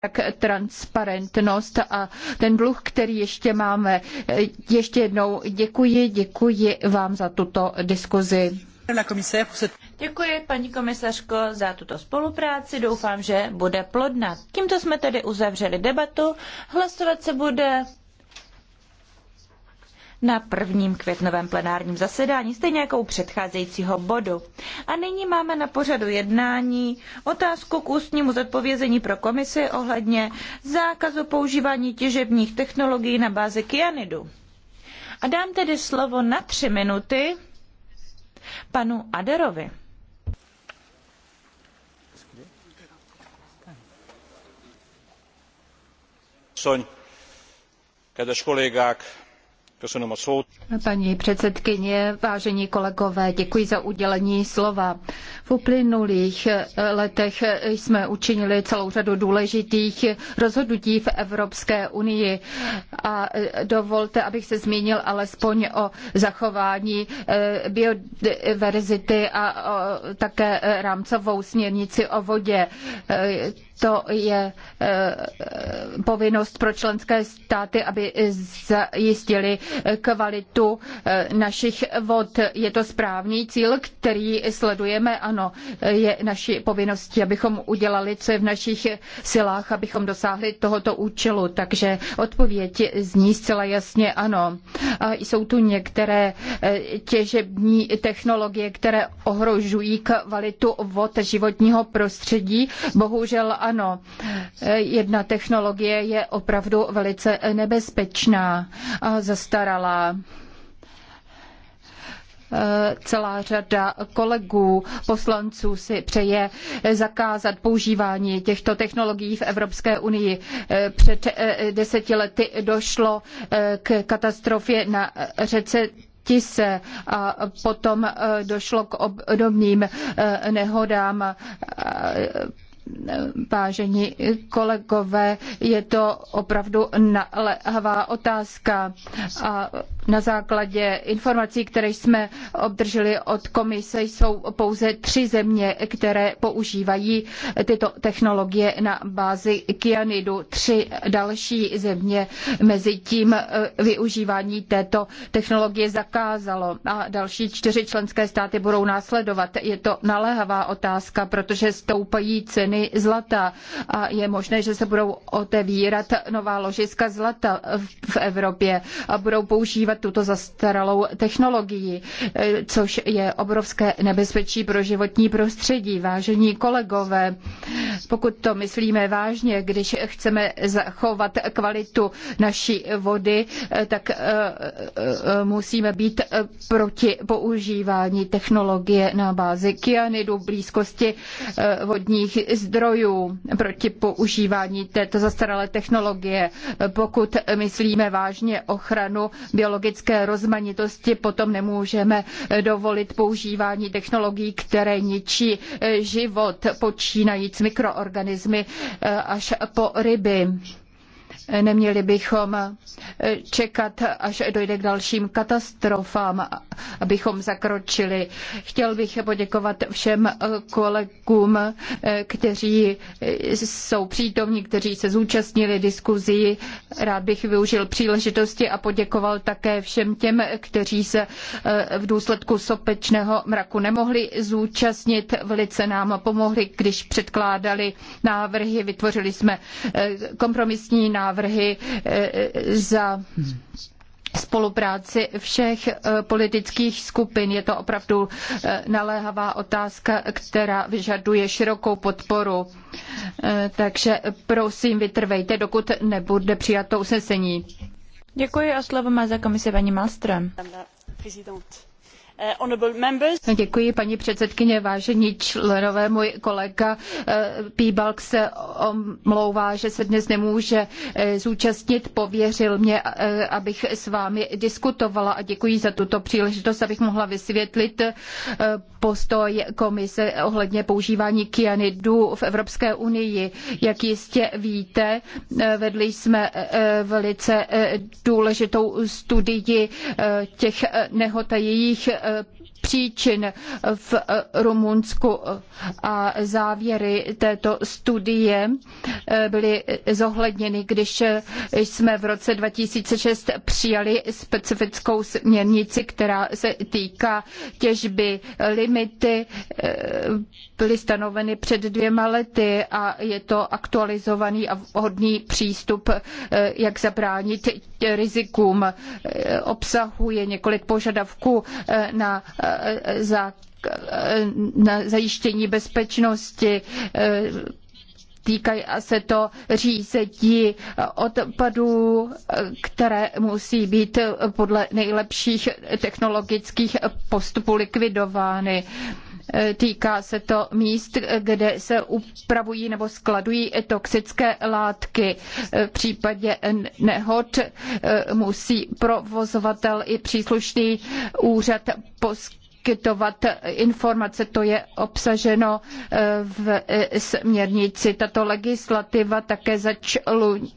tak transparentnost a ten dluh, který ještě máme. Ještě jednou děkuji, děkuji vám za tuto diskuzi. Děkuji, paní komisařko, za tuto spolupráci. Doufám, že bude plodná. Tímto jsme tedy uzavřeli debatu. Hlasovat se bude na prvním květnovém plenárním zasedání, stejně jako u předcházejícího bodu. A nyní máme na pořadu jednání otázku k ústnímu zodpovězení pro komisi ohledně zákazu používání těžebních technologií na bázi kyanidu. A dám tedy slovo na tři minuty panu Aderovi. kedves kollégák! Paní předsedkyně, vážení kolegové, děkuji za udělení slova. V uplynulých eh, letech eh, jsme učinili celou řadu důležitých eh, rozhodnutí v Evropské unii a dovolte, abych se zmínil alespoň o zachování biodiverzity a také rámcovou směrnici o vodě. To je eh, povinnost pro členské státy, aby zajistili eh, kvalitu eh, našich vod. Je to správný cíl, který sledujeme. Ano, je naší povinností, abychom udělali, co je v našich silách, abychom dosáhli tohoto účelu. Takže odpověď zní zcela jasně ano. A jsou tu některé těžební technologie, které ohrožují kvalitu vod životního prostředí. Bohužel ano, jedna technologie je opravdu velice nebezpečná a zastaralá celá řada kolegů, poslanců si přeje zakázat používání těchto technologií v Evropské unii. Před eh, deseti lety došlo eh, k katastrofě na řece Tise a potom eh, došlo k obdobným nehodám vážení kolegové, je to opravdu naléhavá otázka a na základě informací, které jsme obdrželi od komise, jsou pouze tři země, které používají tyto technologie na bázi kyanidu. Tři další země mezi tím eh, využívání této technologie zakázalo a další čtyři členské státy budou následovat. Je to naléhavá otázka, protože stoupají ceny zlata a je možné, že se budou otevírat nová ložiska zlata v Evropě a budou používat tuto zastaralou technologii, což je obrovské nebezpečí pro životní prostředí. Vážení kolegové, pokud to myslíme vážně, když chceme zachovat kvalitu naší vody, tak eh, eh, musíme být proti používání technologie na bázi kyanidu blízkosti eh, vodních zdrojů, proti používání této zastaralé technologie, pokud myslíme vážně ochranu biologické biologické rozmanitosti, potom nemůžeme dovolit používání technologií, které ničí život, počínajíc mikroorganismy eh, až po ryby. Neměli bychom čekat, až dojde k dalším katastrofám, abychom zakročili. Chtěl bych poděkovat všem kolegům, kteří jsou přítomní, kteří se zúčastnili diskuzí. Rád bych využil příležitosti a poděkoval také všem těm, kteří se v důsledku sopečného mraku nemohli zúčastnit. Velice nám pomohli, když předkládali návrhy. Vytvořili jsme kompromisní návrhy návrhy e, e, za spolupráci všech e, politických skupin. Je to opravdu naléhavá otázka, která vyžaduje širokou podporu. Takže prosím, vytrvejte, dokud nebude přijato usnesení. Děkuji a slovo má za komisi paní Malström. Eh, děkuji, paní předsedkyně, vážení členové. Můj kolega eh, Píbalk se omlouvá, že se dnes nemůže eh, zúčastnit. Pověřil mě, abych s vámi diskutovala a děkuji za tuto příležitost, abych mohla vysvětlit postoj komise ohledně používání kyanidu v Evropské unii. Jak jistě víte, vedli jsme velice důležitou studii těch nehod a jejich uh, příčin v eh, Rumunsku a závěry této studie eh, byly zohledněny, když eh, jsme v roce 2006 přijali specifickou směrnici, která se týká těžby limity byly stanoveny před dvěma lety a je to aktualizovaný a vhodný přístup, jak zabránit rizikům. Obsahuje několik požadavků na za na zajištění bezpečnosti týkají se to řízení odpadů, které musí být podle nejlepších technologických postupů likvidovány. Týká se to míst, kde se upravují nebo skladují toxické látky. V případě nehod eh, musí provozovatel i příslušný úřad poskytovat informace. To je obsaženo eh, v eh, směrnici. Tato legislativa také začlu,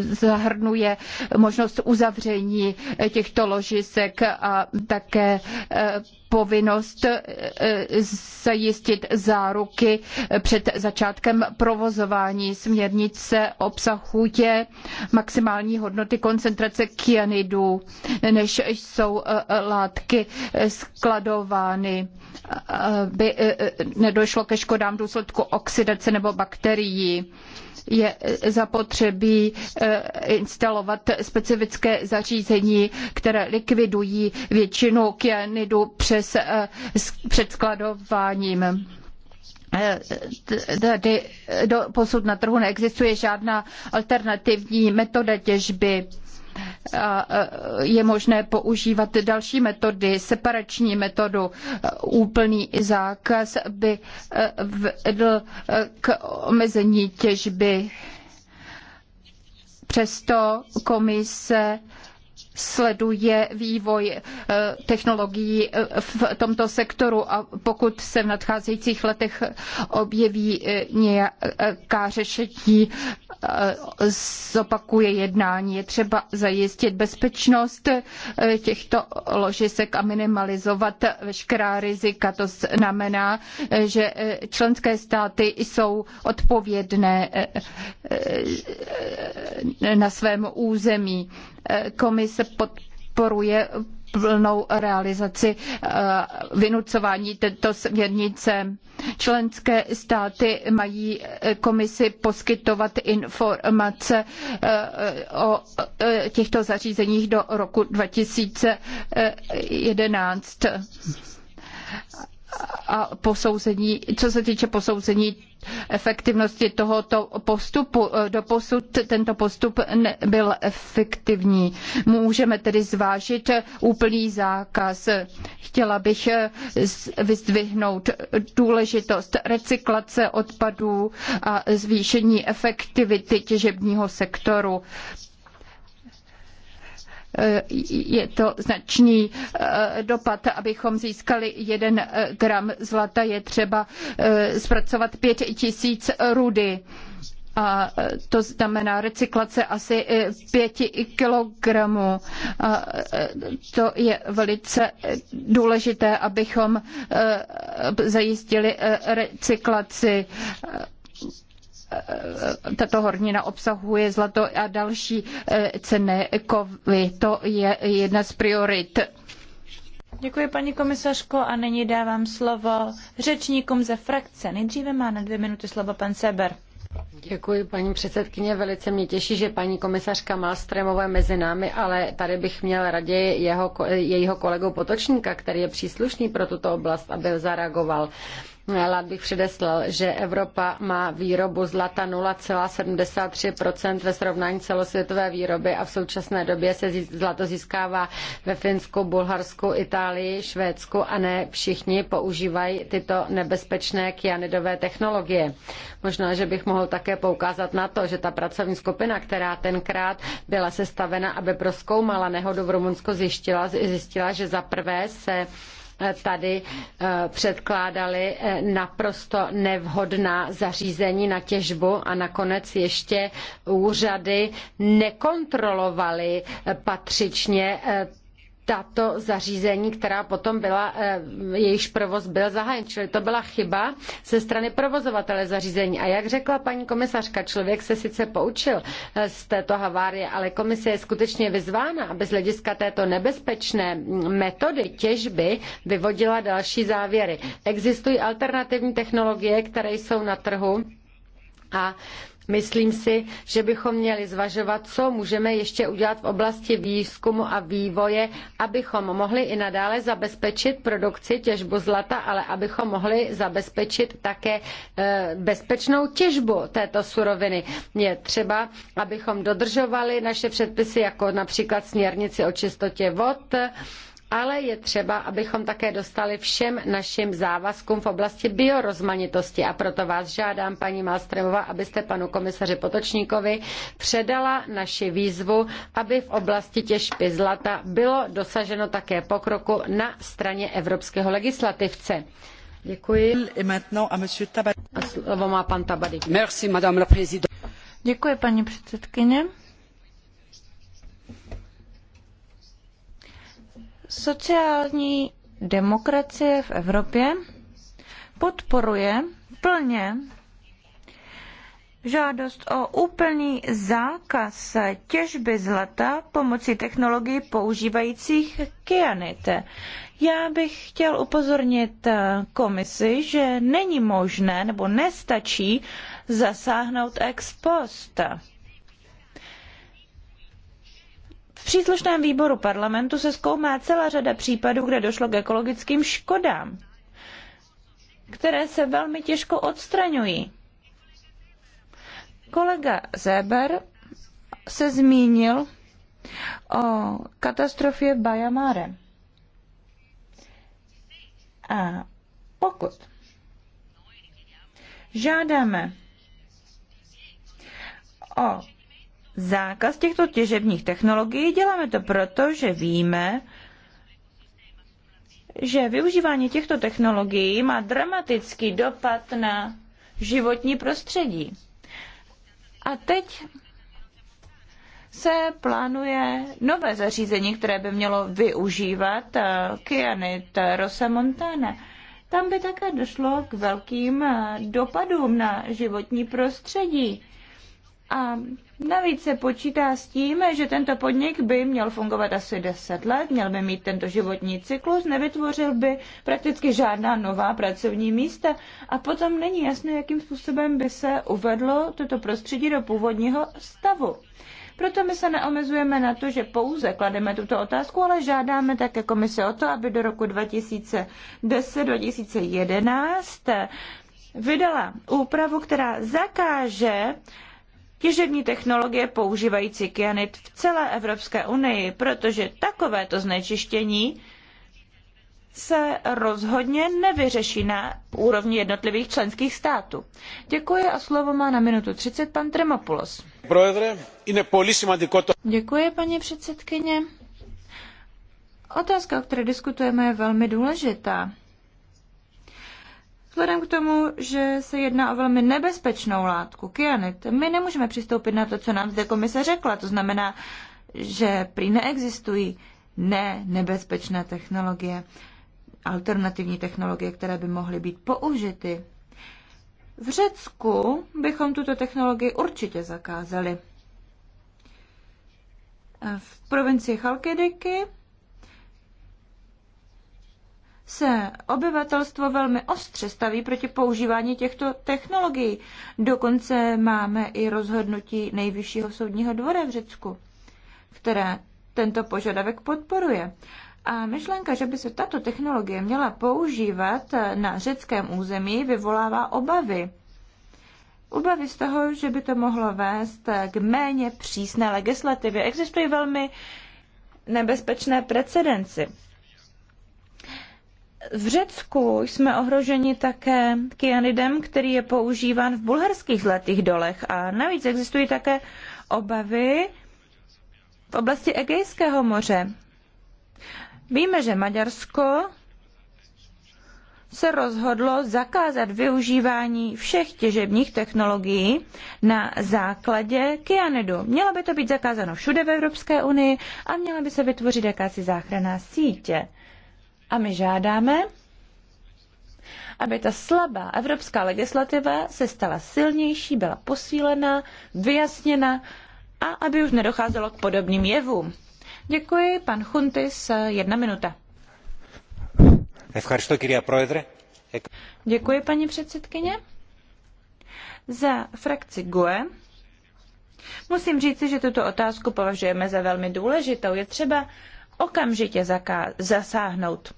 zahrnuje možnost uzavření těchto ložisek a také povinnost eh, eh, zajistit záruky před začátkem provozování. Směrnice obsahuje maximální hodnoty koncentrace kyanidů, než jsou eh, látky skladovány, aby nedošlo ke škodám v důsledku oxidace nebo bakterií je zapotřebí eh, instalovat specifické zařízení, které likvidují většinu kyanidu přes eh, předskladováním. Eh, tady do posud na trhu neexistuje žádná alternativní metoda těžby a je možné používat další metody, separační metodu. Úplný zákaz by e, vedl e, k omezení těžby. Přesto komise sleduje vývoj eh, technologií eh, v tomto sektoru a pokud se v nadcházejících letech objeví eh, nějaká řešení, zopakuje jednání. Je třeba zajistit bezpečnost těchto ložisek a minimalizovat veškerá rizika. To znamená, že členské státy jsou odpovědné na svém území. Komise podporuje plnou realizaci eh, vynucování této směrnice. Členské státy mají eh, komisi poskytovat informace eh, o těchto zařízeních do roku 2011 a posouzení, co se týče posouzení efektivnosti tohoto postupu. E, doposud tento postup nebyl efektivní. Můžeme tedy zvážit úplný zákaz. Chtěla bych e, vyzdvihnout důležitost recyklace odpadů a zvýšení efektivity těžebního sektoru. Eh, je to značný eh, dopad. Abychom získali jeden eh, gram zlata, je třeba zpracovat pět tisíc rudy. A to znamená recyklace asi pěti kilogramů. A to je velice důležité, abychom zajistili recyklaci tato hornina obsahuje zlato a další eh, cenné kovy. To je jedna z priorit. Děkuji, paní komisařko, a nyní dávám slovo řečníkům ze frakce. Nejdříve má na dvě minuty slovo pan Seber. Děkuji, paní předsedkyně. Velice mě těší, že paní komisařka má stremové mezi námi, ale tady bych měl raději jeho, jejího kolegu Potočníka, který je příslušný pro tuto oblast, aby zareagoval. No, rád bych předeslal, že Evropa má výrobu zlata 0,73% ve srovnání celosvětové výroby a v současné době se zlato získává ve Finsku, Bulharsku, Itálii, Švédsku a ne všichni používají tyto nebezpečné kyanidové technologie. Možná, že bych mohl také poukázat na to, že ta pracovní skupina, která tenkrát byla sestavena, aby proskoumala nehodu v Rumunsku, zjistila, zjistila že za prvé se tady eh, předkládali eh, naprosto nevhodná zařízení na těžbu a nakonec ještě úřady nekontrolovaly patřičně eh, tato zařízení, která potom byla, eh, jejíž provoz byl zahájen. Čili to byla chyba ze strany provozovatele zařízení. A jak řekla paní komisařka, člověk se sice poučil eh, z této havárie, ale komise je skutečně vyzvána, aby z hlediska této nebezpečné metody těžby vyvodila další závěry. Existují alternativní technologie, které jsou na trhu a Myslím si, že bychom měli zvažovat, co můžeme ještě udělat v oblasti výzkumu a vývoje, abychom mohli i nadále zabezpečit produkci těžbu zlata, ale abychom mohli zabezpečit také eh, bezpečnou těžbu této suroviny. Je třeba, abychom dodržovali naše předpisy, jako například směrnici o čistotě vod, ale je třeba, abychom také dostali všem našim závazkům v oblasti biorozmanitosti a proto vás žádám, paní Malstremová, abyste panu komisaři Potočníkovi předala naši výzvu, aby v oblasti těžby zlata bylo dosaženo také pokroku na straně evropského legislativce. Děkuji. A slovo má pan Tabady. Děkuji, paní předsedkyně. Sociální demokracie v Evropě podporuje plně žádost o úplný zákaz těžby zlata pomocí technologií používajících kyanit. Já bych chtěl upozornit komisi, že není možné nebo nestačí zasáhnout ex post. příslušném výboru parlamentu se zkoumá celá řada případů, kde došlo k ekologickým škodám, které se velmi těžko odstraňují. Kolega Zeber se zmínil o katastrofě v Bajamare. A pokud žádáme o zákaz těchto těžebních technologií. Děláme to proto, že víme, že využívání těchto technologií má dramatický dopad na životní prostředí. A teď se plánuje nové zařízení, které by mělo využívat eh, kyanit eh, Rosamontana. Tam by také došlo k velkým eh, dopadům na životní prostředí. A navíc se počítá s tím, že tento podnik by měl fungovat asi 10 let, měl by mít tento životní cyklus, nevytvořil by prakticky žádná nová pracovní místa a potom není jasné, jakým způsobem by se uvedlo toto prostředí do původního stavu. Proto my se neomezujeme na to, že pouze klademe tuto otázku, ale žádáme také komise o to, aby do roku 2010-2011 vydala úpravu, která zakáže těžební technologie používající kyanit v celé Evropské unii, protože takovéto znečištění se rozhodně nevyřeší na úrovni jednotlivých členských států. Děkuji a slovo má na minutu 30 pan Tremopoulos. Děkuji, paní předsedkyně. Otázka, o které diskutujeme, je velmi důležitá. Vzhledem k tomu, že se jedná o velmi nebezpečnou látku, kyanit, my nemůžeme přistoupit na to, co nám zde komise řekla. To znamená, že prý neexistují ne nebezpečné technologie, alternativní technologie, které by mohly být použity. V Řecku bychom tuto technologii určitě zakázali. V provincii Chalkidiky se obyvatelstvo velmi ostře staví proti používání těchto technologií. Dokonce máme i rozhodnutí Nejvyššího soudního dvora v Řecku, které tento požadavek podporuje. A myšlenka, že by se tato technologie měla používat na řeckém území, vyvolává obavy. Obavy z toho, že by to mohlo vést k méně přísné legislativě. Existují velmi nebezpečné precedenci v Řecku jsme ohroženi také kyanidem, který je používán v bulharských zlatých dolech a navíc existují také obavy v oblasti Egejského moře. Víme, že Maďarsko se rozhodlo zakázat využívání všech těžebních technologií na základě kyanidu. Mělo by to být zakázáno všude v Evropské unii a měla by se vytvořit jakási záchranná sítě. A my žádáme, aby ta slabá evropská legislativa se stala silnější, byla posílena, vyjasněna a aby už nedocházelo k podobným jevům. Děkuji, pan Chuntis, jedna minuta. Děkuji, paní předsedkyně. Za frakci GUE musím říci, že tuto otázku považujeme za velmi důležitou. Je třeba okamžitě zasáhnout.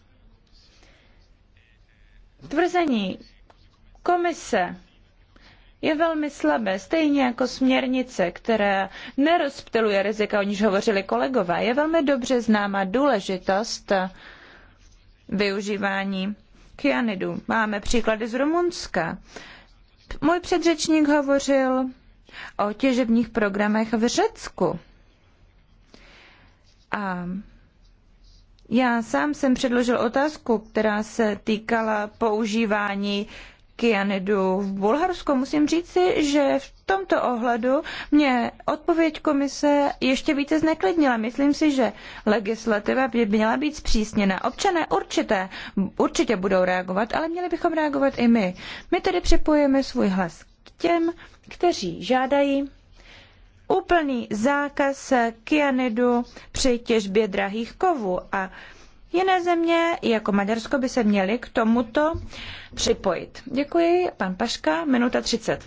Tvrzení komise je velmi slabé, stejně jako směrnice, která nerozpteluje, rizika, o níž hovořili kolegové. Je velmi dobře známa důležitost využívání kyanidu. Máme příklady z Rumunska. Můj předřečník hovořil o těžebních programech v Řecku. A já sám jsem předložil otázku, která se týkala používání kyanidu v Bulharsku. Musím říci, že v tomto ohledu mě odpověď komise ještě více zneklidnila. Myslím si, že legislativa by měla být zpřísněna. Občané určité, určitě budou reagovat, ale měli bychom reagovat i my. My tedy připojíme svůj hlas k těm, kteří žádají úplný zákaz kyanidu při těžbě drahých kovů a Jiné země, jako Maďarsko, by se měly k tomuto připojit. Děkuji, pan Paška, minuta 30.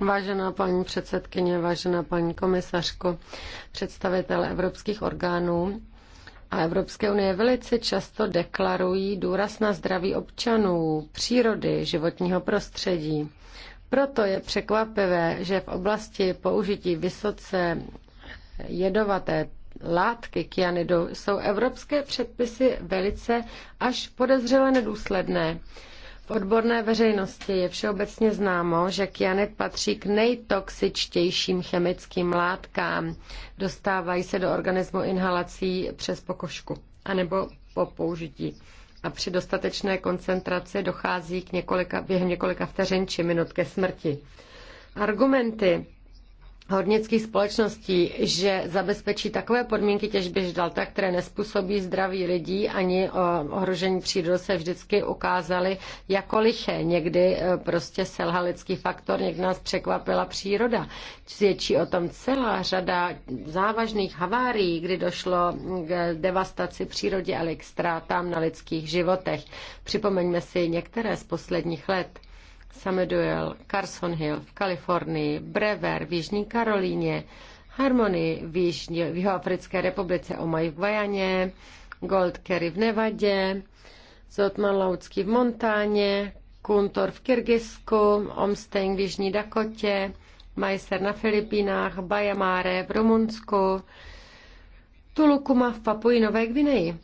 Vážená paní předsedkyně, vážená paní komisařko, představitel evropských orgánů a Evropské unie velice často deklarují důraz na zdraví občanů, přírody, životního prostředí. Proto je překvapivé, že v oblasti použití vysoce jedovaté látky kyanidu jsou evropské předpisy velice až podezřele nedůsledné. V odborné veřejnosti je všeobecně známo, že kyanid patří k nejtoxičtějším chemickým látkám. Dostávají se do organismu inhalací přes pokožku anebo po použití a při dostatečné koncentraci dochází k několika, během několika vteřin či minut ke smrti. Argumenty hornických společností, že zabezpečí takové podmínky těžby ždalta, které nespůsobí zdraví lidí ani eh, ohrožení přírody, se vždycky ukázaly jako liché. Někdy eh, prostě selhal lidský faktor, někdy nás překvapila příroda. Svědčí o tom celá řada závažných havárií, kdy došlo k devastaci přírody a k ztrátám na lidských životech. Připomeňme si některé z posledních let Samuel Carson Hill v Kalifornii, Brever v Jižní Karolíně, Harmony v, Jižní, v Jihoafrické republice, Omaj v Guajaně, Gold Kerry v Nevadě, Zotman Laucký v Montáně, Kuntor v Kyrgyzsku, Omsteng v Jižní Dakotě, Majster na Filipínách, Bajamáre v Rumunsku, Tulukuma v Papuji Nové Gvineji.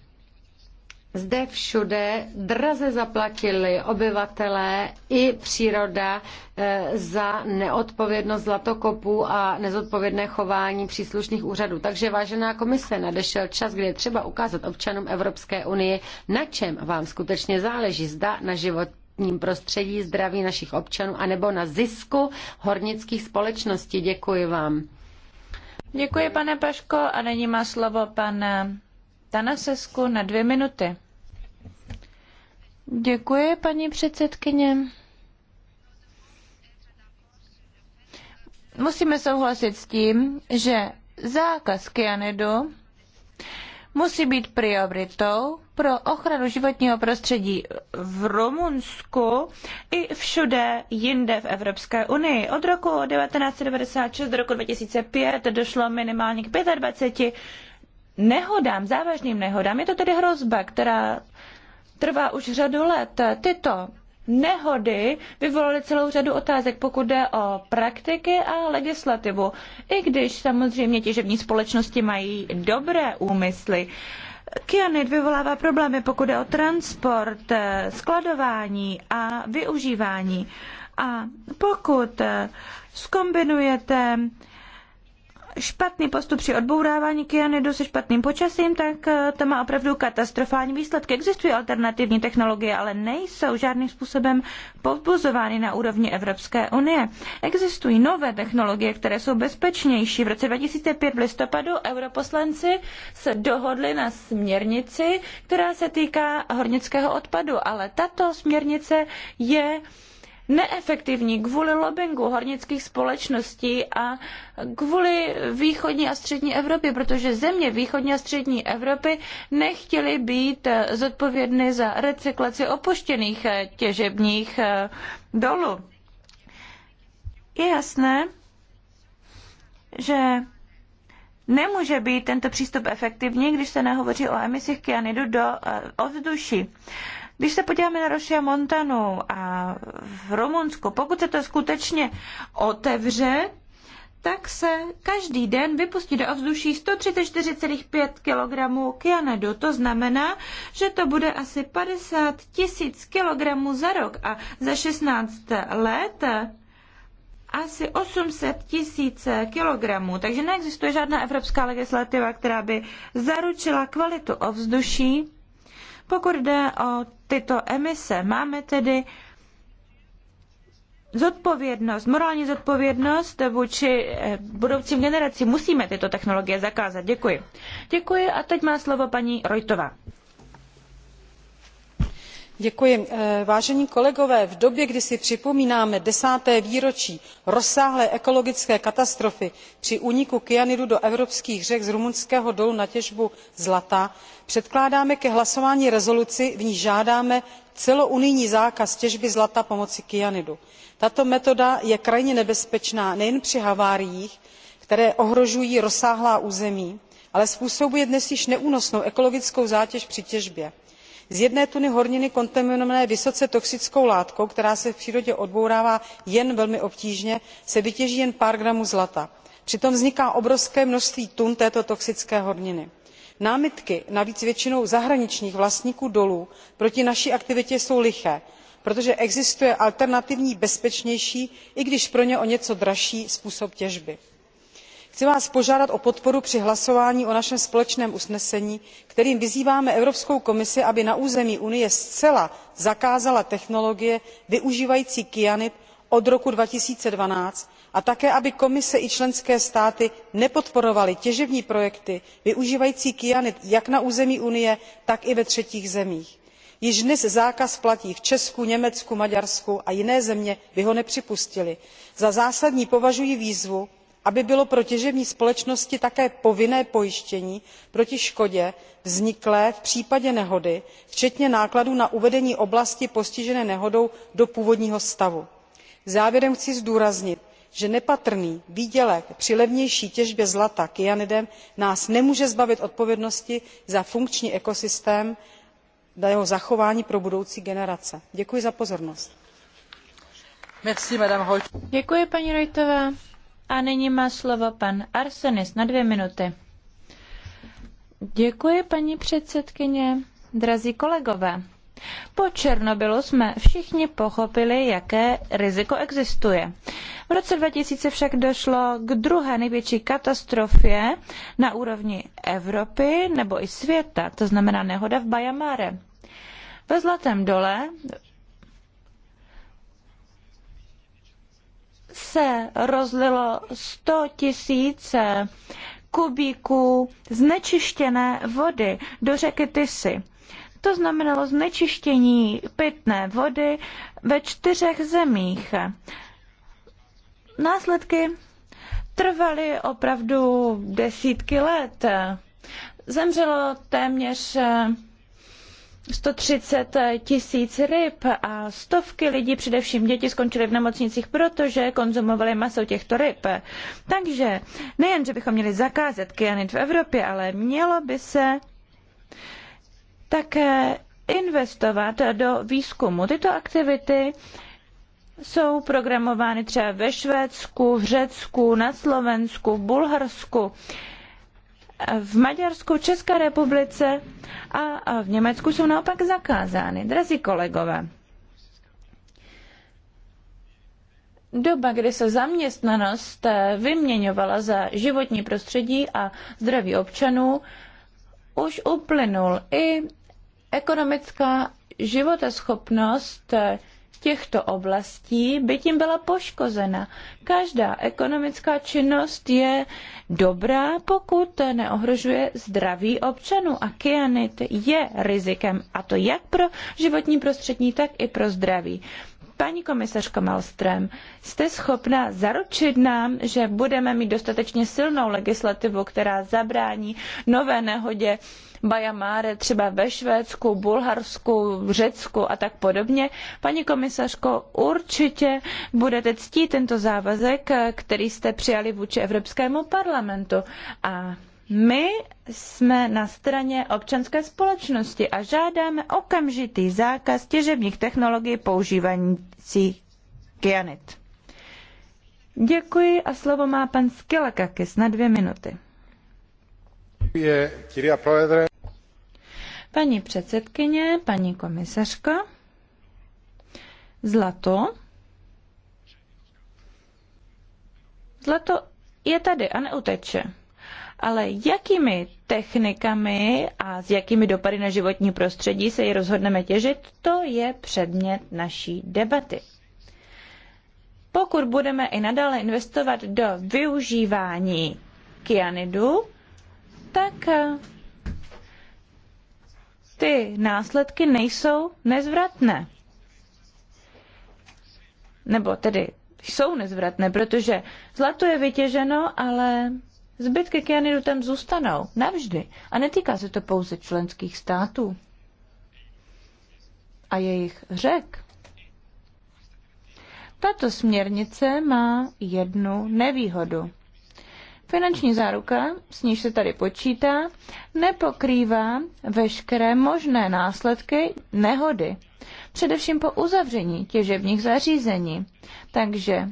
Zde všude draze zaplatili obyvatelé i příroda eh, za neodpovědnost zlatokopů a nezodpovědné chování příslušných úřadů. Takže vážená komise, nadešel čas, kdy je třeba ukázat občanům Evropské unie, na čem vám skutečně záleží, zda na život prostředí, zdraví našich občanů, anebo na zisku hornických společností. Děkuji vám. Děkuji, pane Paško, a nyní má slovo pan Tanasesku na dvě minuty. Děkuji, paní předsedkyně. Musíme souhlasit s tím, že zákaz kyanidu musí být prioritou pro ochranu životního prostředí v Rumunsku i všude jinde v Evropské unii. Od roku 1996 do roku 2005 došlo minimálně k 25 nehodám, závažným nehodám. Je to tedy hrozba, která trvá už řadu let. Tyto nehody vyvolaly celou řadu otázek, pokud jde o praktiky a legislativu. I když samozřejmě těžební společnosti mají dobré úmysly, Kyanid vyvolává problémy, pokud jde o transport, skladování a využívání. A pokud zkombinujete špatný postup při odbourávání kyanidu se špatným počasím, tak eh, to má opravdu katastrofální výsledky. Existují alternativní technologie, ale nejsou žádným způsobem povzbuzovány na úrovni Evropské unie. Existují nové technologie, které jsou bezpečnější. V roce 2005 v listopadu europoslanci se dohodli na směrnici, která se týká hornického odpadu, ale tato směrnice je uh, neefektivní kvůli lobbingu hornických společností a kvůli východní a střední Evropě, protože země východní a střední Evropy nechtěly být zodpovědny za recyklaci opuštěných těžebních eh, dolů. Je jasné, že nemůže být tento přístup efektivní, když se nehovoří o emisích kyanidu do eh, ovzduší. Uh, když se podíváme na Roši a Montanu a v Rumunsku, pokud se to skutečně otevře, tak se každý den vypustí do ovzduší 134,5 kg kyanidu. To znamená, že to bude asi 50 tisíc kg za rok a za 16 let asi 800 tisíc kilogramů, takže neexistuje žádná evropská legislativa, která by zaručila kvalitu ovzduší pokud jde o tyto emise, máme tedy zodpovědnost, morální zodpovědnost vůči eh, budoucím generacím. Musíme tyto technologie zakázat. Děkuji. Děkuji a teď má slovo paní Rojtová. Eh, vážení kolegové v době kdy si připomínáme desáté výročí rozsáhlé ekologické katastrofy při úniku kyanidu do evropských řek z rumunského dolu na těžbu zlata předkládáme ke hlasování rezoluci v níž žádáme celounijní zákaz těžby zlata pomocí kyanidu. tato metoda je krajně nebezpečná nejen při haváriích které ohrožují rozsáhlá území ale způsobuje dnes již neúnosnou ekologickou zátěž při těžbě z jedné tuny horniny kontaminované vysoce toxickou látkou která se v přírodě odbourává jen velmi obtížně se vytěží jen pár gramů zlata. přitom vzniká obrovské množství tun této toxické horniny. námitky navíc většinou zahraničních vlastníků dolů proti naší aktivitě jsou liché protože existuje alternativní bezpečnější i když pro ně o něco dražší způsob těžby chci vás požádat o podporu při hlasování o našem společném usnesení kterým vyzýváme evropskou komisi aby na území unie zcela zakázala technologie využívající kyanid od roku two thousand and twelve a také aby komise i členské státy nepodporovaly těžební projekty využívající kyanid jak na území unie tak i ve třetích zemích. již dnes zákaz platí v česku německu maďarsku a jiné země by ho nepřipustily. za zásadní považuji výzvu aby bylo pro těžební společnosti také povinné pojištění proti škodě vzniklé v případě nehody včetně nákladů na uvedení oblasti postižené nehodou do původního stavu. závěrem chci zdůraznit že nepatrný výdělek při levnější těžbě zlata kyanidem nás nemůže zbavit odpovědnosti za funkční ekosystém za jeho zachování pro budoucí generace. děkuji za pozornost. děkuji a nyní má slovo pan Arsenis na dvě minuty. Děkuji, paní předsedkyně. Drazí kolegové, po Černobylu jsme všichni pochopili, jaké riziko existuje. V roce 2000 však došlo k druhé největší katastrofě na úrovni Evropy nebo i světa, to znamená nehoda v Bajamáre. Ve Zlatém dole se rozlilo 100 tisíce kubíků znečištěné vody do řeky Tisy. To znamenalo znečištění pitné vody ve čtyřech zemích. Následky trvaly opravdu desítky let. Zemřelo téměř 130 tisíc ryb a stovky lidí, především děti, skončily v nemocnicích, protože konzumovali maso těchto ryb. Takže nejen, že bychom měli zakázat kyanid v Evropě, ale mělo by se také investovat do výzkumu. Tyto aktivity jsou programovány třeba ve Švédsku, v Řecku, na Slovensku, v Bulharsku v Maďarsku, České republice a v Německu jsou naopak zakázány. Drazí kolegové, doba, kdy se zaměstnanost eh, vyměňovala za životní prostředí a zdraví občanů, už uplynul i ekonomická životaschopnost schopnost eh, těchto oblastí by tím byla poškozena. Každá ekonomická činnost je dobrá, pokud neohrožuje zdraví občanů a kyanit je rizikem a to jak pro životní prostředí, tak i pro zdraví. Paní komisařko Malström, jste schopna zaručit nám, že budeme mít dostatečně silnou legislativu, která zabrání nové nehodě Bajamáre třeba ve Švédsku, Bulharsku, Řecku a tak podobně. Paní komisařko, určitě budete ctít tento závazek, který jste přijali vůči Evropskému parlamentu. A my jsme na straně občanské společnosti a žádáme okamžitý zákaz těžebních technologií používající kyanit. Děkuji a slovo má pan Skilakakis na dvě minuty. Paní předsedkyně, paní komisařko, zlato. Zlato je tady a neuteče ale jakými technikami a s jakými dopady na životní prostředí se ji rozhodneme těžit, to je předmět naší debaty. Pokud budeme i nadále investovat do využívání kyanidu, tak eh, ty následky nejsou nezvratné. Nebo tedy jsou nezvratné, protože zlato je vytěženo, ale Zbytky kyanidu tam zůstanou navždy a netýká se to pouze členských států a jejich řek. Tato směrnice má jednu nevýhodu. Finanční záruka, s níž se tady počítá, nepokrývá veškeré možné následky nehody, především po uzavření těžebních zařízení. Takže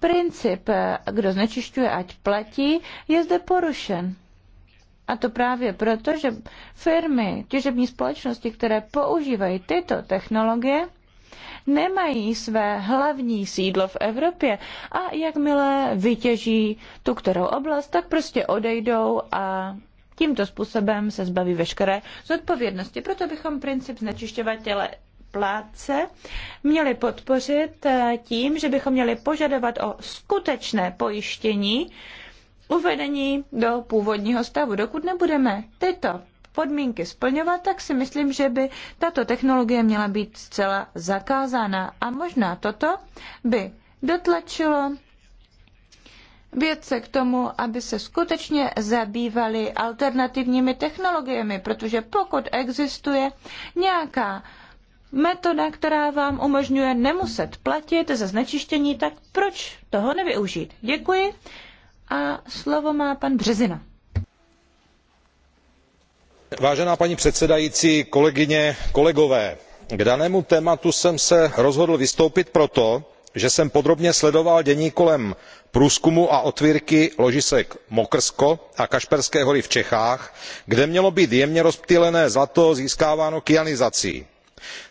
Princip, eh, kdo znečišťuje, ať platí, je zde porušen. A to právě proto, že firmy, těžební společnosti, které používají tyto technologie, nemají své hlavní sídlo v Evropě a jakmile vytěží tu kterou oblast, tak prostě odejdou a tímto způsobem se zbaví veškeré zodpovědnosti. Proto bychom princip znečišťovatele plátce měli podpořit eh, tím, že bychom měli požadovat o skutečné pojištění uvedení do původního stavu. Dokud nebudeme tyto podmínky splňovat, tak si myslím, že by tato technologie měla být zcela zakázána. A možná toto by dotlačilo vědce k tomu, aby se skutečně zabývali alternativními technologiemi, protože pokud existuje nějaká metoda, která vám umožňuje nemuset platit za znečištění, tak proč toho nevyužít? Děkuji. A slovo má pan Březina. Vážená paní předsedající, kolegyně, kolegové, k danému tématu jsem se rozhodl vystoupit proto, že jsem podrobně sledoval dění kolem průzkumu a otvírky ložisek mokrsko a kašperské hory v čechách kde mělo být jemně rozptýlené zlato získáváno kyanizací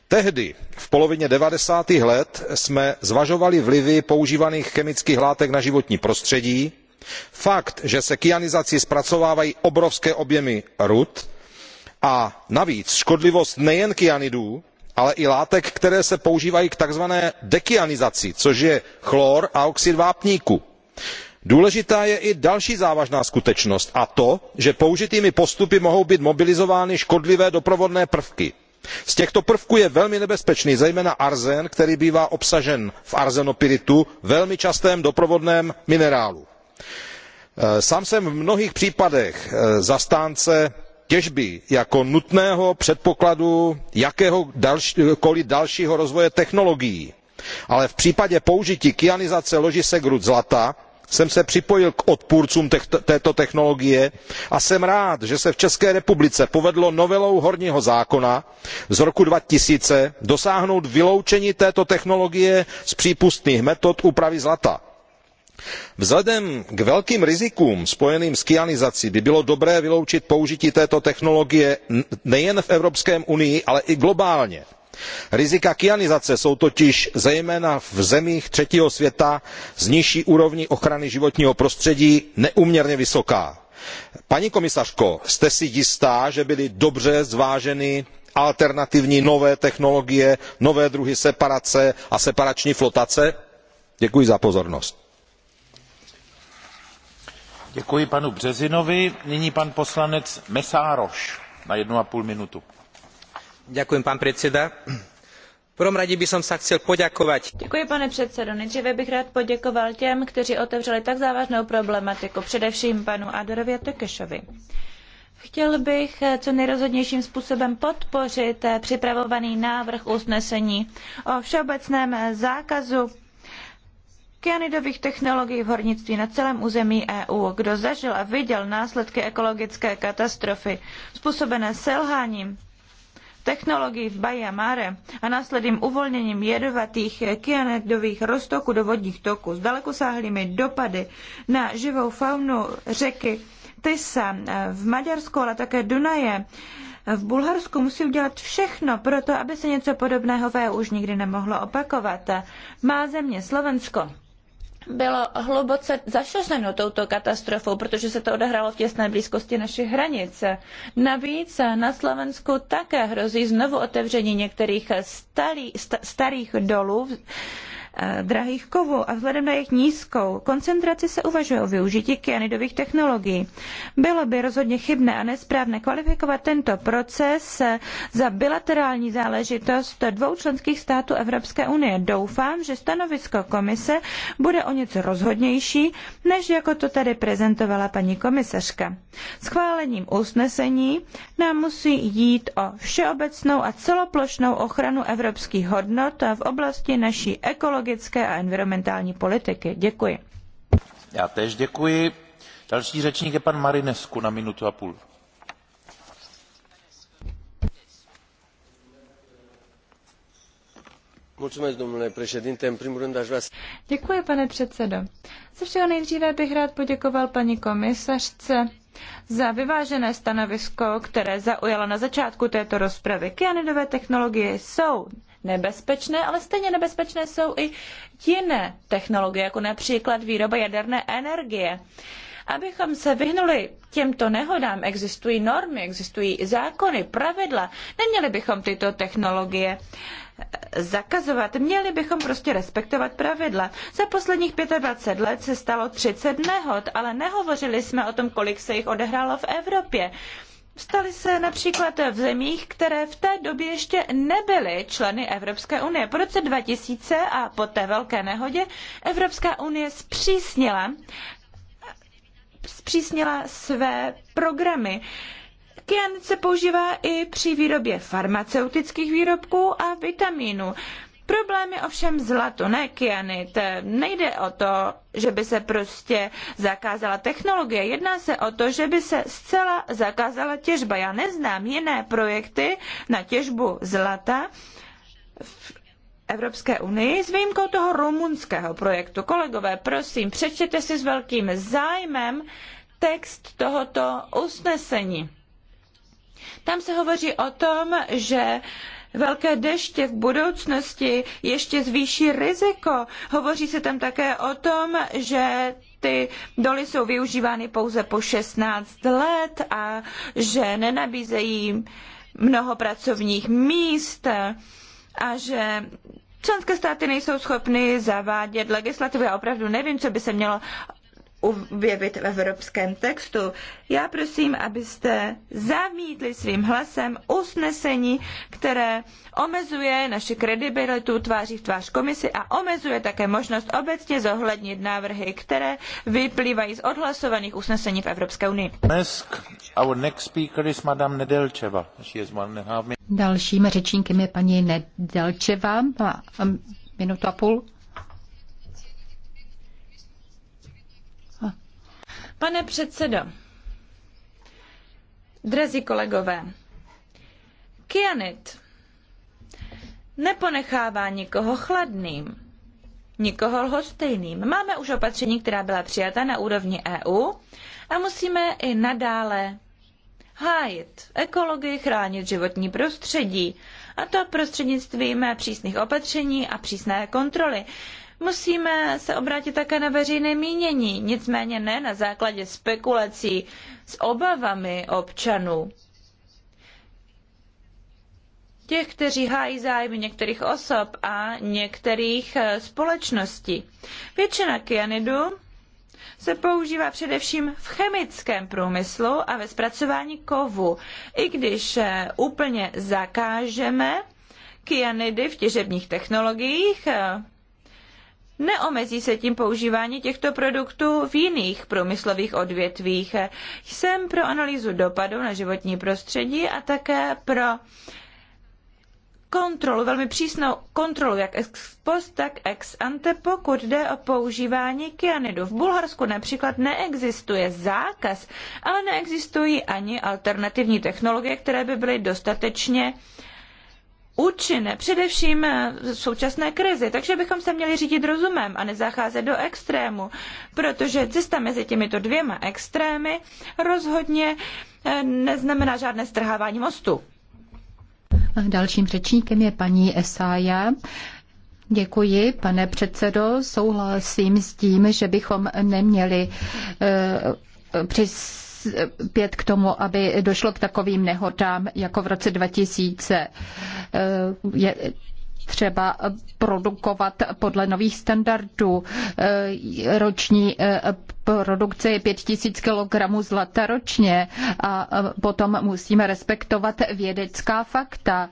tehdy v polovině devadesátých let jsme zvažovali vlivy používaných chemických látek na životní prostředí fakt že se kyanizací zpracovávají obrovské objemy rud a navíc škodlivost nejen kyanidů ale i látek které se používají k tzv. dekyanizaci což je chlor a oxid vápníku. důležitá je i další závažná skutečnost a to že použitými postupy mohou být mobilizovány škodlivé doprovodné prvky z těchto prvků je velmi nebezpečný zejména arzen který bývá obsažen v arzenopyritu velmi častém doprovodném minerálu. E, sám jsem v mnohých případech e, zastánce těžby jako nutného předpokladu jakéhokoliv dalšího rozvoje technologií ale v případě použití kyanizace ložisek rud zlata jsem se připojil k odpůrcům této technologie a jsem rád že se v české republice povedlo novelou horního zákona z roku two thousand dosáhnout vyloučení této technologie z přípustných metod úpravy zlata. vzhledem k velkým rizikům spojeným s kyanizací by bylo dobré vyloučit použití této technologie nejen v evropské unii ale i globálně rizika kyanizace jsou totiž zejména v zemích třetího světa s nižší úrovní ochrany životního prostředí neúměrně vysoká. paní komisařko jste si jistá že byly dobře zváženy alternativní nové technologie nové druhy separace a separační flotace? děkuji za pozornost. Děkuji panu Březinovi. Nyní pan poslanec Mesároš na jednu a půl minutu v prvom rade by som sa chcel poďakovať Děkuji, pane předsedo. Nejdříve bych rád poděkoval těm, kteří otevřeli tak závažnou problematiku, především panu Adorovi a Tekešovi. Chtěl bych eh, co nejrozhodnějším způsobem podpořit eh, připravovaný návrh usnesení o všeobecném eh, zákazu kyanidových technologií v hornictví na celém území EU. Kdo zažil a viděl následky ekologické katastrofy způsobené selháním technologií v Baia Mare a následným uvolněním jedovatých kyanidových roztoků do vodních toků s dalekosáhlými dopady na živou faunu řeky Tisa eh, v Maďarsku, ale také Dunaje, v Bulharsku musí udělat všechno pro to, aby se něco podobného v EU už nikdy nemohlo opakovat. Má země Slovensko bylo hluboce zašaženo touto katastrofou, protože se to odehrálo v těsné blízkosti našich hranic. Navíc na Slovensku také hrozí znovu otevření některých starých dolů Eh, drahých kovů a vzhledem na jejich nízkou koncentraci se uvažuje o využití kyanidových technologií. Bylo by rozhodně chybné a nesprávné kvalifikovat tento proces eh, za bilaterální záležitost dvou členských států Evropské unie. Doufám, že stanovisko komise bude o něco rozhodnější, než jako to tady prezentovala paní komisařka. Schválením usnesení nám musí jít o všeobecnou a celoplošnou ochranu evropských hodnot v oblasti naší ekologie ekologické a environmentální politiky. Děkuji. Já tež děkuji. Další řečník je pan Marinescu na minutu a půl. Děkuji, pane předsedo. Za všeho nejdříve bych rád poděkoval paní komisařce za vyvážené stanovisko, které zaujala na začátku této rozpravy. Kyanidové technologie jsou nebezpečné, ale stejně nebezpečné jsou i jiné technologie, jako například výroba jaderné energie. Abychom se vyhnuli těmto nehodám, existují normy, existují zákony, pravidla. Neměli bychom tyto technologie eh, zakazovat. Měli bychom prostě respektovat pravidla. Za posledních 25 let se stalo 30 nehod, ale nehovořili jsme o tom, kolik se jich odehrálo v Evropě staly se například v zemích, které v té době ještě nebyly členy Evropské unie. Po roce 2000 a po té velké nehodě Evropská unie zpřísnila, zpřísnila své programy. Kyan se používá i při výrobě farmaceutických výrobků a vitamínů. Problém je ovšem zlato, ne kyanit. Nejde o to, že by se prostě zakázala technologie. Jedná se o to, že by se zcela zakázala těžba. Já neznám jiné projekty na těžbu zlata v Evropské unii s výjimkou toho rumunského projektu. Kolegové, prosím, přečtěte si s velkým zájmem text tohoto usnesení. Tam se hovoří o tom, že velké deště v budoucnosti ještě zvýší riziko. Hovoří se tam také o tom, že ty doly jsou využívány pouze po 16 let a že nenabízejí mnoho pracovních míst a že členské státy nejsou schopny zavádět legislativu. Já opravdu nevím, co by se mělo objevit v evropském textu. Já prosím, abyste zamítli svým hlasem usnesení, které omezuje naši kredibilitu tváří v tvář komisi a omezuje také možnost obecně zohlednit návrhy, které vyplývají z odhlasovaných usnesení v Evropské unii. Dalším řečníkem je paní Nedelčeva. Um, minutu a půl. Pane předsedo, drazí kolegové, kyanit neponechává nikoho chladným, nikoho lhostejným. Máme už opatření, která byla přijata na úrovni EU a musíme i nadále hájit ekologii, chránit životní prostředí, a to prostřednictvím přísných opatření a přísné kontroly musíme se obrátit také na veřejné mínění, nicméně ne na základě spekulací s obavami občanů. Těch, kteří hájí zájmy některých osob a některých eh, společností. Většina kyanidu se používá především v chemickém průmyslu a ve zpracování kovu. I když eh, úplně zakážeme kyanidy v těžebních technologiích, eh, Neomezí se tím používání těchto produktů v jiných průmyslových odvětvích. Jsem pro analýzu dopadu na životní prostředí a také pro kontrolu, velmi přísnou kontrolu, jak ex post, tak ex ante, pokud jde o používání kyanidu. V Bulharsku například neexistuje zákaz, ale neexistují ani alternativní technologie, které by byly dostatečně uh, účinné, především eh, v současné krizi. Takže bychom se měli řídit rozumem a nezacházet do extrému, protože cesta mezi těmito dvěma extrémy rozhodně eh, neznamená žádné strhávání mostu. Dalším řečníkem je paní Esája. Děkuji, pane předsedo. Souhlasím s tím, že bychom neměli uh, eh, přis přispět k tomu, aby došlo k takovým nehodám jako v roce 2000. Je třeba produkovat podle nových standardů roční produkce je 5000 kg zlata ročně a potom musíme respektovat vědecká fakta.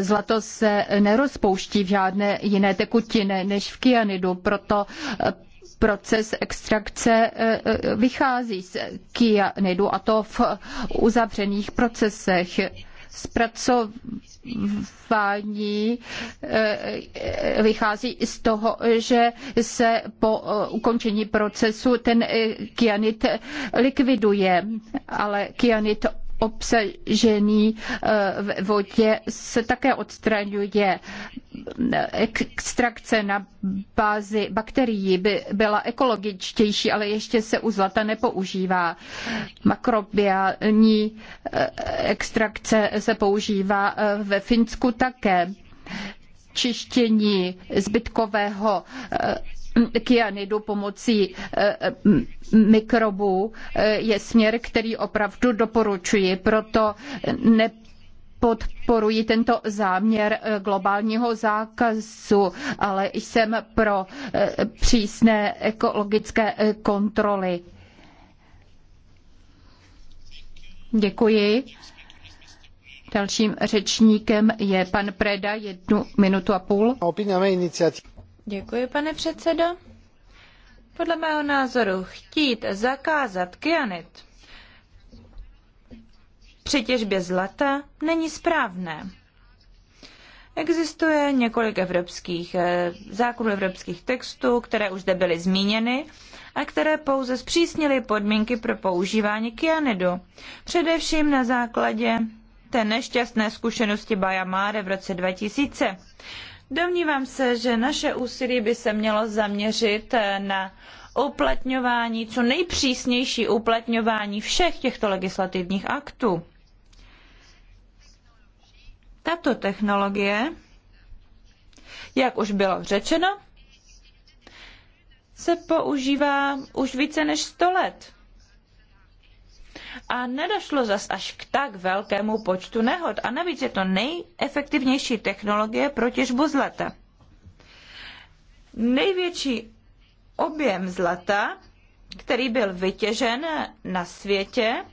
Zlato se nerozpouští v žádné jiné tekutině než v kyanidu, proto proces extrakce e, e, vychází z kyanidu a to v uzavřených procesech zpracování e, vychází z toho, že se po ukončení procesu ten kyanid likviduje, ale kyanid obsažený eh, v vodě se také odstraňuje. Extrakce na bázi bakterií by byla ekologičtější, ale ještě se u zlata nepoužívá. Makrobiální eh, extrakce se používá eh, ve Finsku také. Čištění zbytkového kyanidu pomocí eh, eh, mikrobů eh, je směr, který opravdu doporučuji. Proto ne podporuji tento záměr globálního zákazu, ale jsem pro přísné ekologické kontroly. Děkuji. Dalším řečníkem je pan Preda, jednu minutu a půl. Děkuji, pane předsedo. Podle mého názoru chtít zakázat kyanit při těžbě zlata není správné. Existuje několik evropských eh, zákonů evropských textů, které už zde byly zmíněny a které pouze zpřísnily podmínky pro používání kyanidu. Především na základě té nešťastné zkušenosti Bajamáre v roce 2000. Domnívám se, že naše úsilí by se mělo zaměřit eh, na uplatňování, co nejpřísnější uplatňování všech těchto legislativních aktů. Tato technologie, jak už bylo řečeno, se používá už více než 100 let a nedošlo zas až k tak velkému počtu nehod. A navíc je to nejefektivnější technologie pro těžbu zlata. Největší objem zlata, který byl vytěžen na světě,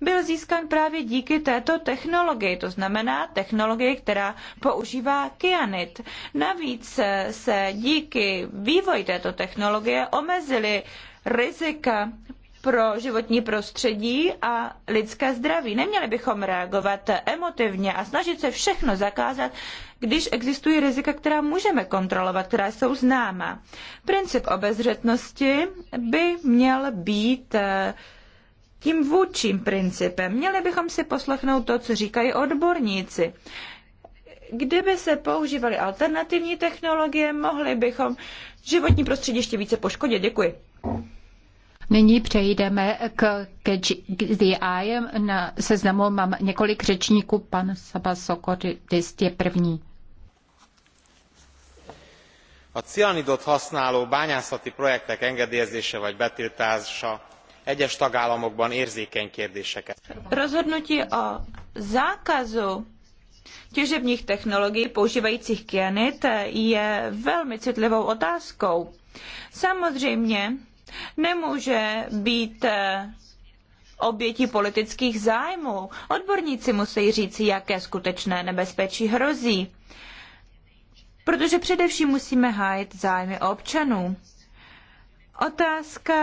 byl získán právě díky této technologii, to znamená technologii, která používá kyanit. Navíc se díky vývoji této technologie omezily rizika pro životní prostředí a lidské zdraví. Neměli bychom reagovat emotivně a snažit se všechno zakázat, když existují rizika, která můžeme kontrolovat, která jsou známa. Princip obezřetnosti by měl být eh, tím vůdčím principem. Měli bychom si poslechnout to, co říkají odborníci. Kdyby se používaly alternativní technologie, mohli bychom životní prostředí ještě více poškodit. Děkuji. Nyní přejdeme k, k Na seznamu mám několik řečníků. Pan Saba Sokodis je první. A cianidot használó bányászati projektek engedélyezése vagy betiltása egyes tagállamokban érzékeny kérdéseket. Rozhodnutí o zákazu těžebních technologií používajících kyanit je velmi citlivou otázkou. Samozřejmě nemůže být eh, oběti politických zájmů. Odborníci musí říci, jaké skutečné nebezpečí hrozí. Protože především musíme hájit zájmy občanů. Otázka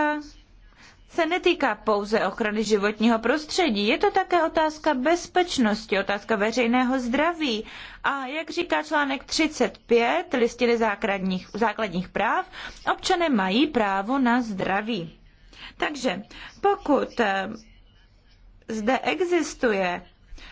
se netýká pouze ochrany životního prostředí, je to také otázka bezpečnosti, otázka veřejného zdraví. A jak říká článek 35 listiny základních, základních práv, občané mají právo na zdraví. Takže pokud eh, zde existuje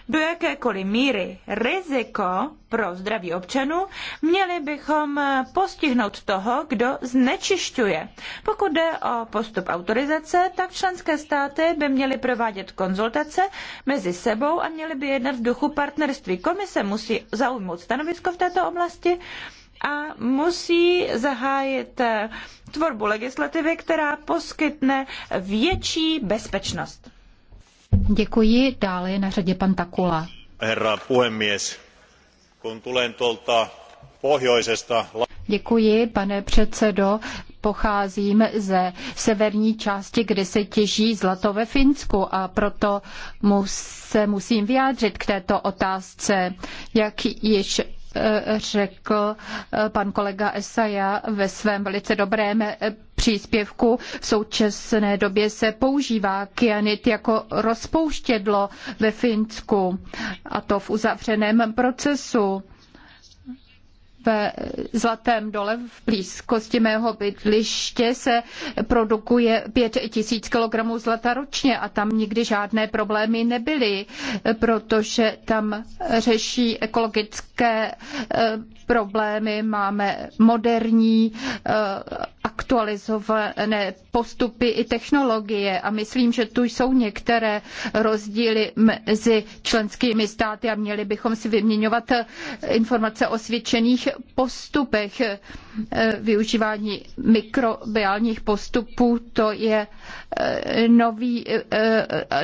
do jakékoliv míry riziko pro zdraví občanů, měli bychom eh, postihnout toho, kdo znečišťuje. Pokud jde o postup autorizace, tak členské státy by měly provádět konzultace mezi sebou a měly by jednat v duchu partnerství. Komise musí zaujmout stanovisko v této oblasti a musí zahájit eh, tvorbu legislativy, která poskytne větší bezpečnost. Děkuji. Dále je na řadě pan Takula. Herra puhemies, kun tulen tuolta pohjoisesta... Děkuji, pane předsedo. Pocházím ze severní části, kde se těží zlato ve Finsku a proto se musím vyjádřit k této otázce. Jak již Eh, řekl eh, pan kolega Esaja ve svém velice dobrém eh, příspěvku. V současné době se používá kyanit jako rozpouštědlo ve Finsku, a to v uzavřeném procesu ve Zlatém dole v blízkosti mého bydliště se produkuje 5 tisíc kilogramů zlata ročně a tam nikdy žádné problémy nebyly, protože tam řeší ekologické eh, problémy, máme moderní eh, aktualizované postupy i technologie a myslím, že tu jsou některé rozdíly mezi členskými státy a měli bychom si vyměňovat informace o svědčených postupech. E, využívání mikrobiálních postupů, to je e, nový, e,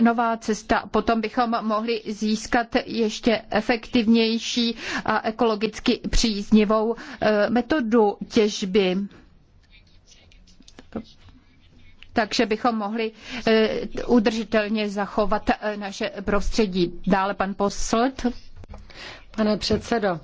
nová cesta. Potom bychom mohli získat ještě efektivnější a ekologicky příznivou metodu těžby takže bychom mohli eh, udržitelně zachovat eh, naše prostředí. Dále pan Poslt. Pane předsedo,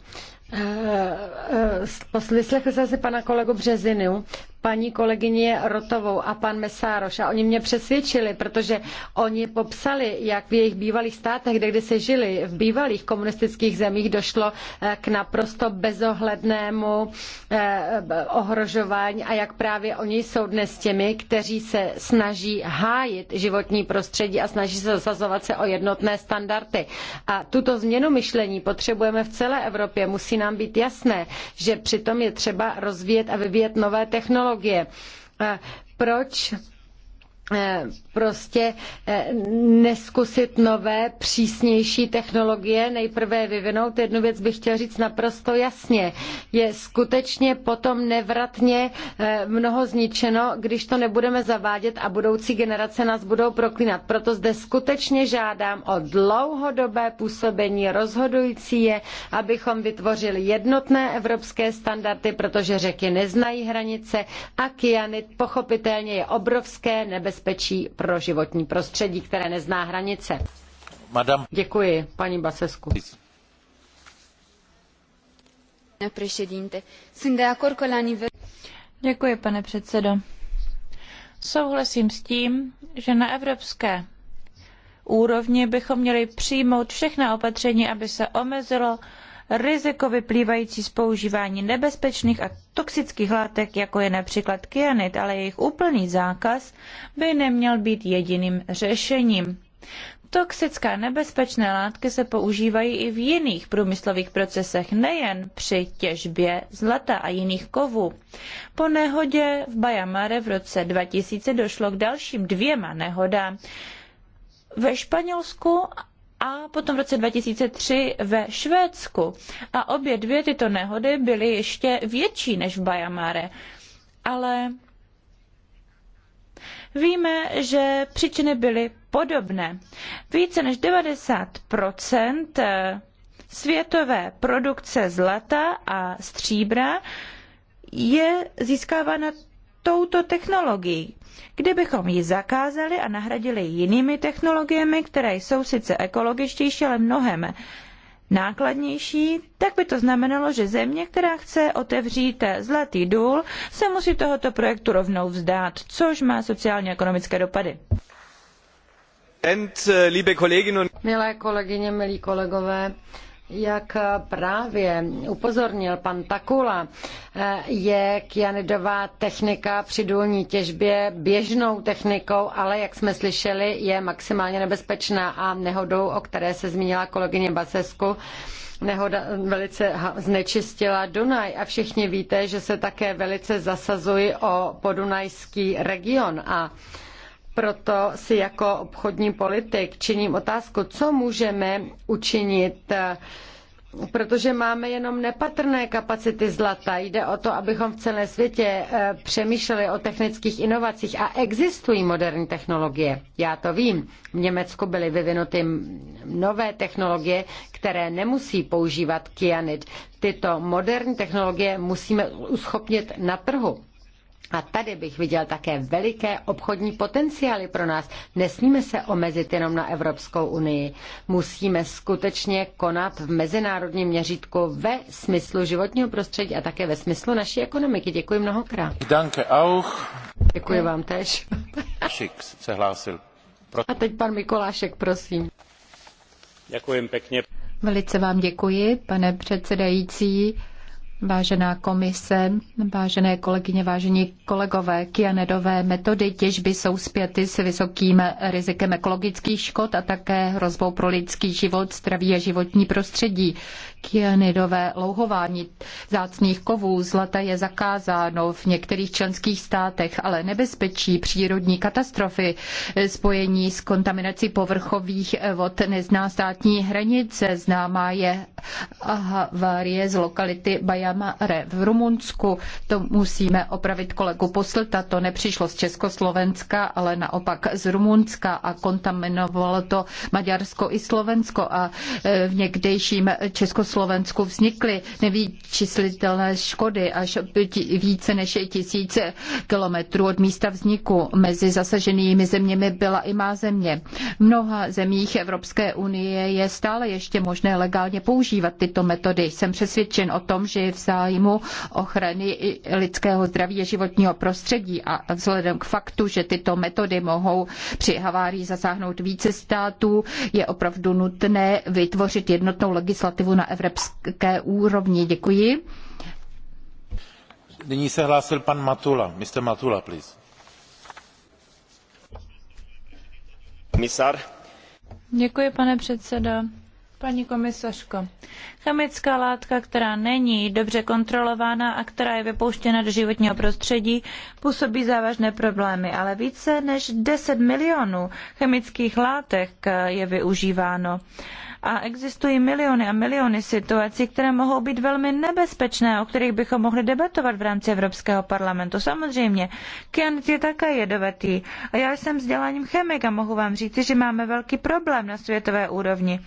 Vyslechl eh, jsem si pana kolegu Březinu paní kolegyně Rotovou a pan Mesároš a oni mě přesvědčili, protože oni popsali, jak v jejich bývalých státech, kde se žili, v bývalých komunistických zemích došlo eh, k naprosto bezohlednému eh, ohrožování a jak právě oni jsou dnes těmi, kteří se snaží hájit životní prostředí a snaží se zasazovat se o jednotné standardy. A tuto změnu myšlení potřebujeme v celé Evropě. Musí nám být jasné, že přitom je třeba rozvíjet a vyvíjet nové technologie technologie. Eh, proč Eh, prostě eh, neskusit nové, přísnější technologie, nejprve vyvinout. Jednu věc bych chtěl říct naprosto jasně. Je skutečně potom nevratně eh, mnoho zničeno, když to nebudeme zavádět a budoucí generace nás budou proklínat. Proto zde skutečně žádám o dlouhodobé působení. Rozhodující je, abychom vytvořili jednotné evropské standardy, protože řeky neznají hranice a kyanit pochopitelně je obrovské nebezpečí nebezpečí pro životní prostředí, které nezná hranice. Děkuji, paní Basescu. Děkuji, pane předsedo. Souhlasím s tím, že na evropské úrovni bychom měli přijmout všechna opatření, aby se omezilo riziko vyplývající z používání nebezpečných a toxických látek, jako je například kyanid, ale jejich úplný zákaz by neměl být jediným řešením. Toxické a nebezpečné látky se používají i v jiných průmyslových procesech, nejen při těžbě zlata a jiných kovů. Po nehodě v Bajamare v roce 2000 došlo k dalším dvěma nehodám ve Španělsku a potom v roce 2003 ve Švédsku. A obě dvě tyto nehody byly ještě větší než v Bajamáre, Ale Víme, že příčiny byly podobné. Více než 90 eh, světové produkce zlata a stříbra je získávána touto technologií. Kdybychom ji zakázali a nahradili jinými technologiemi, které jsou sice ekologičtější, ale mnohem nákladnější, tak by to znamenalo, že země, která chce otevřít zlatý důl, se musí tohoto projektu rovnou vzdát, což má sociálně-ekonomické dopady. Eh, Milé kolegyně, milí kolegové, jak právě upozornil pan Takula, je kyanidová technika při důlní těžbě běžnou technikou, ale jak jsme slyšeli, je maximálně nebezpečná a nehodou, o které se zmínila kolegyně Basesku, nehoda velice znečistila Dunaj a všichni víte, že se také velice zasazuji o podunajský region a proto si jako obchodní politik činím otázku, co můžeme učinit protože máme jenom nepatrné kapacity zlata. Jde o to, abychom v celém světě eh, přemýšleli o technických inovacích a existují moderní technologie. Já to vím. V Německu byly vyvinuty nové technologie, které nemusí používat kyanid. Tyto moderní technologie musíme uschopnit na trhu. A tady bych viděl také veliké obchodní potenciály pro nás. Nesmíme se omezit jenom na Evropskou unii. Musíme skutečně konat v mezinárodním měřítku ve smyslu životního prostředí a také ve smyslu naší ekonomiky. Děkuji mnohokrát. Danke auch. Děkuji vám tež. Šik se hlásil. A teď pan Mikolášek, prosím. Děkuji pěkně. Velice vám děkuji, pane předsedající. Vážená komise, vážené kolegyně, vážení kolegové, kyanedové metody těžby jsou zpěty s vysokým rizikem ekologických škod a také hrozbou pro lidský život, zdraví a životní prostředí. Kyanidové louhování zácných kovů zlata je zakázáno v některých členských státech, ale nebezpečí přírodní katastrofy, spojení s kontaminací povrchových vod nezná státní hranice, známá je havárie z lokality Bajamare v Rumunsku. To musíme opravit kolegu Poslta, to nepřišlo z Československa, ale naopak z Rumunska a kontaminovalo to Maďarsko i Slovensko a e, v někdejším Československu vznikly nevyčíslitelné škody až více než tisíce kilometrů od místa vzniku. Mezi zasaženými zeměmi byla i má země. V mnoha zemích Evropské unie je stále ještě možné legálně použít používat tyto metody. Jsem přesvědčen o tom, že je v zájmu ochrany lidského zdraví a životního prostředí a vzhledem k faktu, že tyto metody mohou při havárii zasáhnout více států, je opravdu nutné vytvořit jednotnou legislativu na evropské úrovni. Děkuji. Nyní se hlásil pan Matula. Mr. Matula, please. Děkuji, pane předsedo. Paní komisařko, chemická látka, která není dobře kontrolována a která je vypouštěna do životního prostředí, působí závažné problémy, ale více než 10 milionů chemických látek je využíváno. A existují miliony a miliony situací, které mohou být velmi nebezpečné, o kterých bychom mohli debatovat v rámci Evropského parlamentu. Samozřejmě, kyanid je také jedovatý. A já jsem vzděláním chemik a mohu vám říct, že máme velký problém na světové úrovni.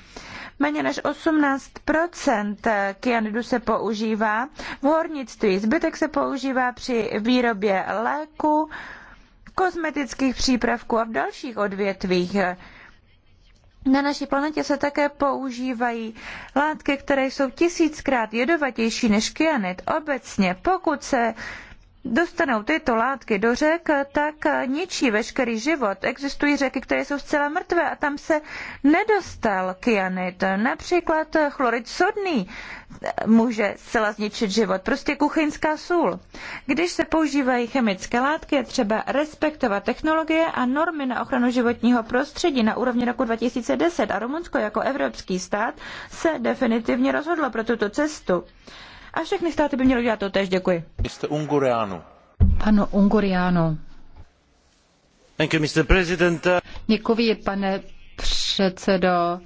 Méně než 18 kyanidu se používá v hornictví. Zbytek se používá při výrobě léku, kosmetických přípravků a v dalších odvětvích. Na naší planetě se také používají látky, které jsou tisíckrát jedovatější než kyanid. Obecně, pokud se dostanou tyto látky do řek, tak ničí veškerý život. Existují řeky, které jsou zcela mrtvé a tam se nedostal kyanid. Například chlorid sodný může zcela zničit život, prostě kuchyňská sůl. Když se používají chemické látky, je třeba respektovat technologie a normy na ochranu životního prostředí na úrovni roku 2010 a Rumunsko jako evropský stát se definitivně rozhodlo pro tuto cestu. A všechny státy by měly dělat to tež. Děkuji. Mr. Unguriano. Panu Unguriano. Thank Děkuji, pane předsedo.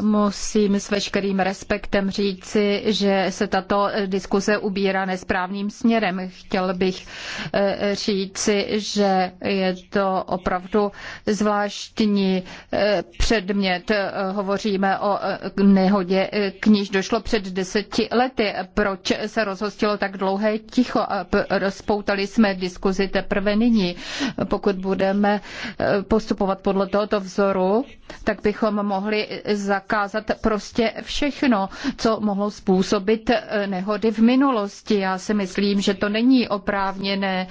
Musím s veškerým respektem říci, že se tato diskuse ubírá nesprávným směrem. Chtěl bych eh, říci, že je to opravdu zvláštní eh, předmět. Hovoříme o eh, nehodě, k níž došlo před deseti lety. Proč se rozhostilo tak dlouhé ticho a rozpoutali jsme diskuzi teprve nyní? Pokud budeme postupovat podle tohoto vzoru, tak bychom mohli za zakázat prostě všechno, co mohlo způsobit eh, nehody v minulosti. Já si myslím, že to není oprávněné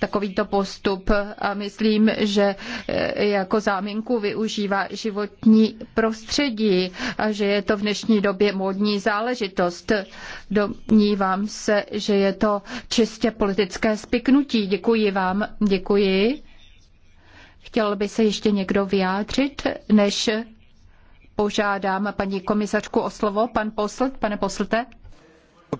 takovýto postup a myslím, že eh, jako záminku využívá životní prostředí a že je to v dnešní době módní záležitost. Domnívám se, že je to čistě politické spiknutí. Děkuji vám. Děkuji. Chtěl by se ještě někdo vyjádřit, než požádám paní komisařku o slovo. Pan posl, pane poslte.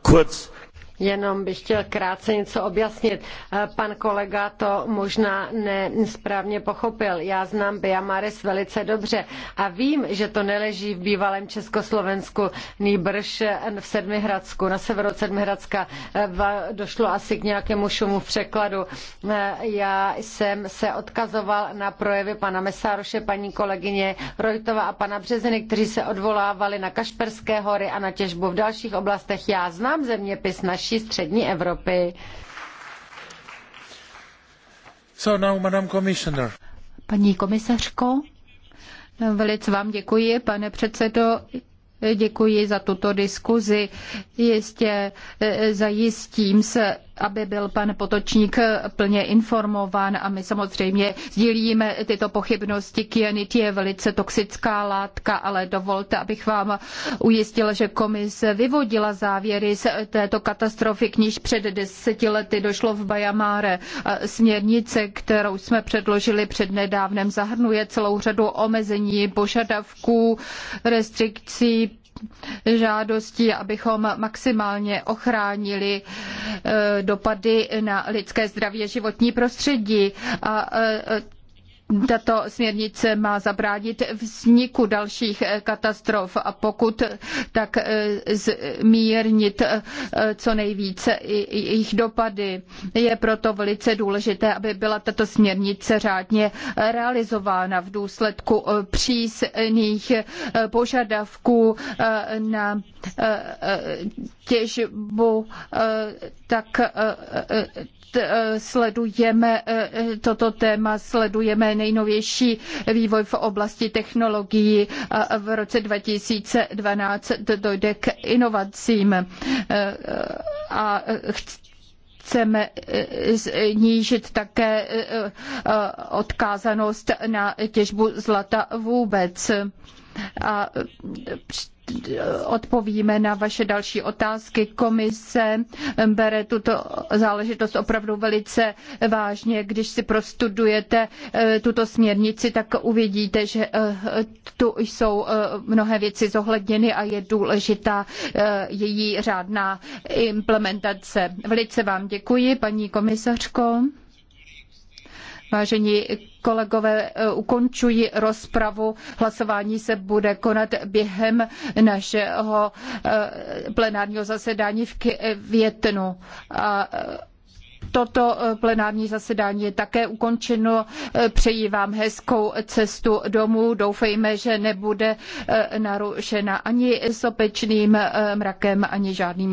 Kurz. Jenom bych chtěl krátce něco objasnit. Eh, pan kolega to možná nesprávně pochopil. Já znám Biamares velice dobře a vím, že to neleží v bývalém Československu, nýbrž eh, v Sedmihradsku, na severu Sedmihradska. Eh, došlo asi k nějakému šumu v překladu. Já jsem se odkazoval na projevy pana Mesároše, paní kolegyně Rojtova a pana Březiny, kteří se odvolávali na Kašperské hory a na těžbu v dalších oblastech. Já znám zeměpis naší naší střední Evropy. So now, Madam Commissioner. Paní komisařko, velice vám děkuji, pane předsedo. Děkuji za tuto diskuzi. Jistě e, e, zajistím se aby byl pan Potočník plně informován a my samozřejmě sdílíme tyto pochybnosti. Kyanit je velice toxická látka, ale dovolte, abych vám ujistila, že komise vyvodila závěry z této katastrofy, k níž před deseti lety došlo v Bajamáre. Směrnice, kterou jsme předložili přednedávnem, zahrnuje celou řadu omezení, požadavků, restrikcí, žádostí, abychom maximálně ochránili eh, dopady na lidské zdraví a životní prostředí. A eh, tato směrnice má zabránit vzniku dalších katastrof a pokud tak eh, zmírnit eh, co nejvíce jejich dopady. Je proto velice důležité, aby byla tato směrnice řádně realizována v důsledku eh, přísných požadavků na těžbu, tak Eh, sledujeme eh, eh, toto téma, sledujeme nejnovější vývoj v oblasti technologií a v roce 2012 dojde k inovacím a chceme snížit také odkázanost na těžbu zlata vůbec. A odpovíme na vaše další otázky. Komise bere tuto záležitost opravdu velice vážně. Když si prostudujete eh, tuto směrnici, tak uvidíte, že eh, tu jsou eh, mnohé věci zohledněny a je důležitá její řádná implementace. Velice vám děkuji, paní komisařko. Vážení kolegové, eh, ukončuji rozpravu. Hlasování se bude konat během našeho eh, plenárního zasedání v Květnu. Eh, toto plenární zasedání je také ukončeno. Přeji vám hezkou cestu domů. Doufejme, že nebude narušena ani sopečným mrakem, ani žádnými